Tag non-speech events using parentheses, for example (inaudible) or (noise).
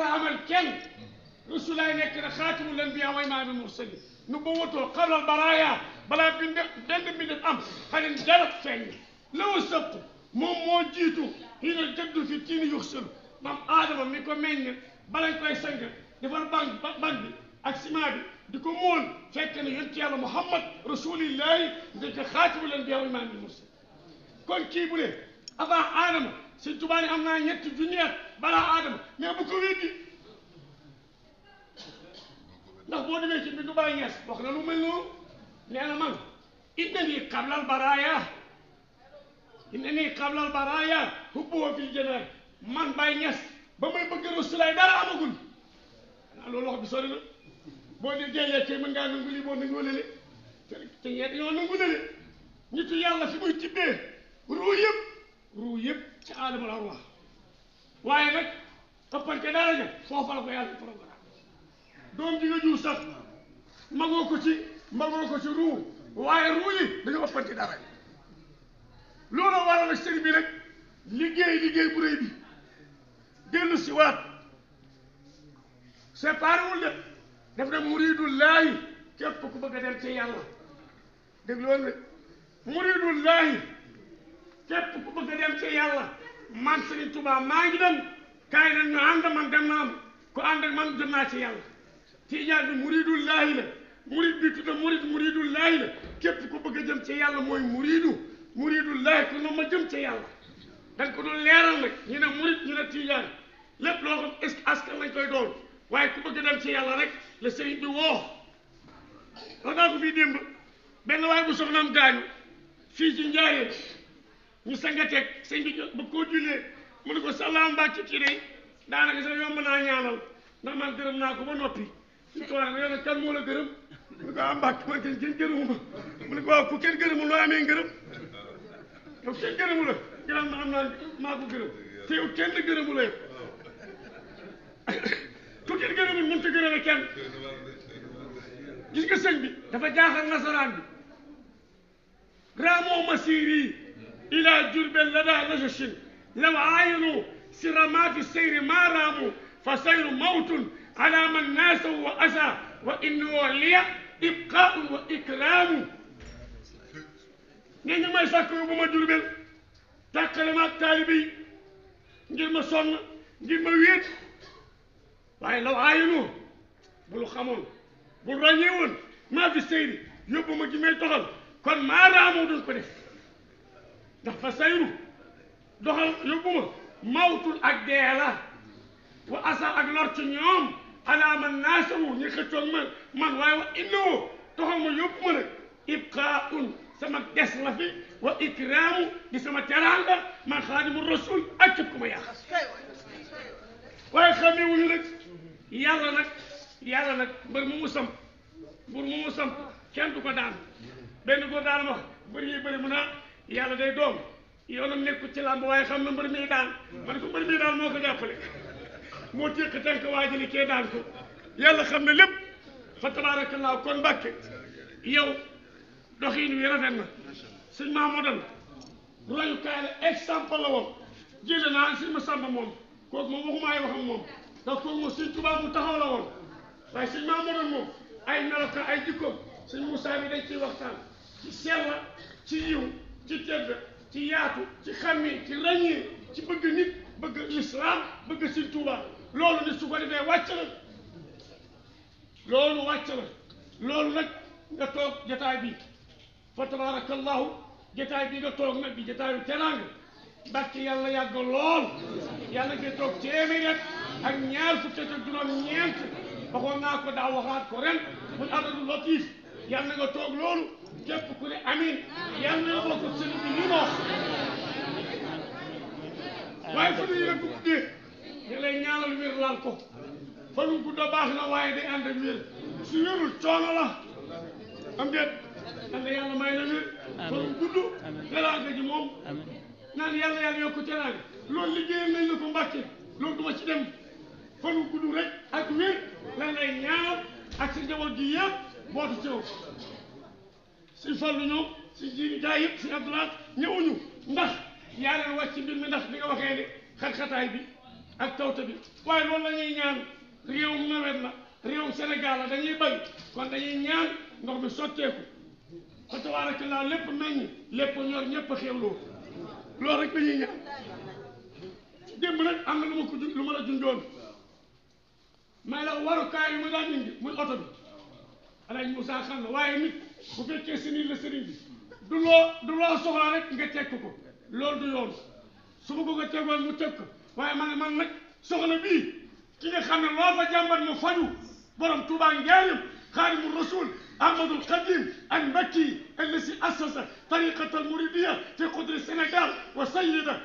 عمل كن رسول الله انك خاتم الانبياء وامام المرسلين نبوته قبل البرايا بلا بند من الام خلي ندرك فيني لو سبت موم مو جيتو هنا الجد في التين يخسر مام نعم، ادم ميكو مني بلا كوي سنگ دفر بانك بانك بي اك سما بي ديكو مول فك ان ينت محمد رسول الله انك خاتم الانبياء وامام المرسلين كون كي بولي افا ادم sëñ Tuubaa ne am naa ñetti junni at balaa aadama mais bu ko weddi ndax boo demee ci bi du bàyyi ñees wax na lu mel noonu nee na man inna nii xablal baraaya inna nii xablal baraaya hubbuwa fil janaay man bàyyi ñees ba may bëgg rasulaay dara amagul naa loolu wax bi sori na boo dee dee cee mën ngaa nangu lii boo nangu lële te te ñee dañoo nangu lële nitu yàlla fi muy tibbee ruu yëpp ruu yëpp ci aadama la wax waaye nag ëppante daraja foofa la ko yàlla programme doom ji nga jur sax magoo ko ci magoo ko ci ruu waaye ruu yi dañoo ëppante daraja loolu waral nag sëriñ bi nag liggéey liggéey bu rëy bi dellu si waat séparé wul de def na muridu laahi képp ku bëgg a dem ci yàlla dégg loolu de muridu laahi képp ku bëgg a dem ci yàlla man Serigne Touba maa ngi dem kaay nañ ñu ànd man dem na am ku man dem naa ci yàlla tijaan bi muridul laahi la murid bi tudd murid muridul laahi la képp ku bëgg a jëm yàlla mooy muridu muridul laahi ku ne ma jëm ci yàlla da nga ko doon leeral nag ñu ne lépp loo xam koy doon waaye ku bëgg dem ci rek la sëriñ bi woo wax naa ko fii démb benn waaye bu soxnaam fii ci njaaree ñu sangateeg sëñ bi ba koo jullee mu ne ko salaam mbàcc ci day daanaka sax yomb naa ñaanal ndax man gërëm naa ko ba noppi suñ ko wax yow nag kan moo la gërëm mu ne ko ah mbàcc man kenn kenn gërëmuma mu ko ku kenn gërëmul loo amee ngërëm yow kenn gërëmu la gërëm ma xam naa maa ko gërëm te yow kenn gërëmu la (laughs) ku kenn gërëmul mënut a gërëme kenn gis nga sëñ bi dafa jaaxal nasaraan bi grand moom إلى جرب لدى رجش لو عاينوا سر ما في السير ما راموا فسير موت على من ناس وأسى وإن ولي إبقاء وإكرام نيني ما يسكر بما جرب تكلم التالبي نجر ما صنع نجر ما ويت وعي لو عاينوا بلو خمون بلو رانيون ما في السير يبو ما جميل تغل كون ما رامو دون كنف dafa sayru doxal yóbbu ma mawtul ak dee la wa asar ak lor ci ñoom ala man naasawu ñu xëccoog man man waaye wa innoo toxal ma yóbbu ma nag ibqaaun sama des la fi wa ikraamu di sama teraanga man xaadimu rasul ak képp ku ma yàq waaye xamee wuñu nag yàlla nag yàlla nag mbër mu mu samp mbër mu mu samp kenn du ko daan benn góor daan wax bëri yi bëri mu naa yàlla day doom yoonam nekkul ci làmb waaye xam na mbër mi daan man ko mbër mi daan moo ko jàppale moo téq tànk waa ji ni kee daan ko yàlla xam fa tabaarakallaa kon mbàkke yow doxiin wi rafet na sëñ Mahmoudan royukaay la exemple la woon jële naa sëñ ma sàmba moom kooku moom waxumaay waxam moom ndax kooku moom sëñ mu taxaw la woon waaye ma Mahmoudan moom ay meloka ay jikkoom sëñ Moussa bi dañ ciy waxtaan ci sell ci yiw ci tedd ci yaatu ci xàmmee ci ràññee ci bëgg nit bëgg lislaam bëgg Sëriñ Tuubaa loolu nit su ko defee wàcc la loolu wàcc la loolu nag nga toog jataay bi fa tabarakallahu jataay bi nga toog nag bi jataayu teraanga barke yàlla yàgg lool yàlla nga toog téeméer rek ak ñaar fukki ak juróom ñeent waxoon naa ko daaw ko ren muy adadu latif yal na nga toog loolu képp ku ne amin yal na nga bokk sëriñ bi ñu moos waaye fu ñu yëpp guddee ñu lay ñaanal wér laal ko fanu gudda baax na waaye day ànd ak wér su wérul coono la am déet yàlla yàlla may na wér fanu gudd teraanga ji moom naan yàlla yàlla yokku teraanga loolu liggéeyal nañ la ko mbàkke loolu duma ci dem fanu gudd rek ak wér lan lay ñaanal ak sa njaboot gi yëpp bootu ci si fallu ñoom si ji gaa yëpp si ñëwuñu ndax yaa leen wàcc mbir mi ndax bi nga waxee ne xat-xataay bi ak tawta bi waaye loolu la ñuy ñaan réewum nawet la réewum Sénégal la dañuy bay kon dañuy ñaan ndox mi sotteeku fa tabaarakallaa lépp meññ lépp ñor ñëpp a xewloo loolu rek dañuy ñaan démb nag am na lu ma ko lu ma la junjoon may la warukaay yu ma daan indi muy oto bi alaaj Moussa xam na waaye nit bu fekkee sëriñ la sëriñ bi du loo du loo soxla rek nga teg ko loolu du yoon su ma ko ko tegoon mu teg ko waaye man man nag soxla bii ki nga xam ne loo fa jàmbat mu faju borom Touba Njaarim xaadimu rasul Ahmadul Xadim al Makki allasi assasa tariqata al muridiya fi qudri Sénégal wa sayida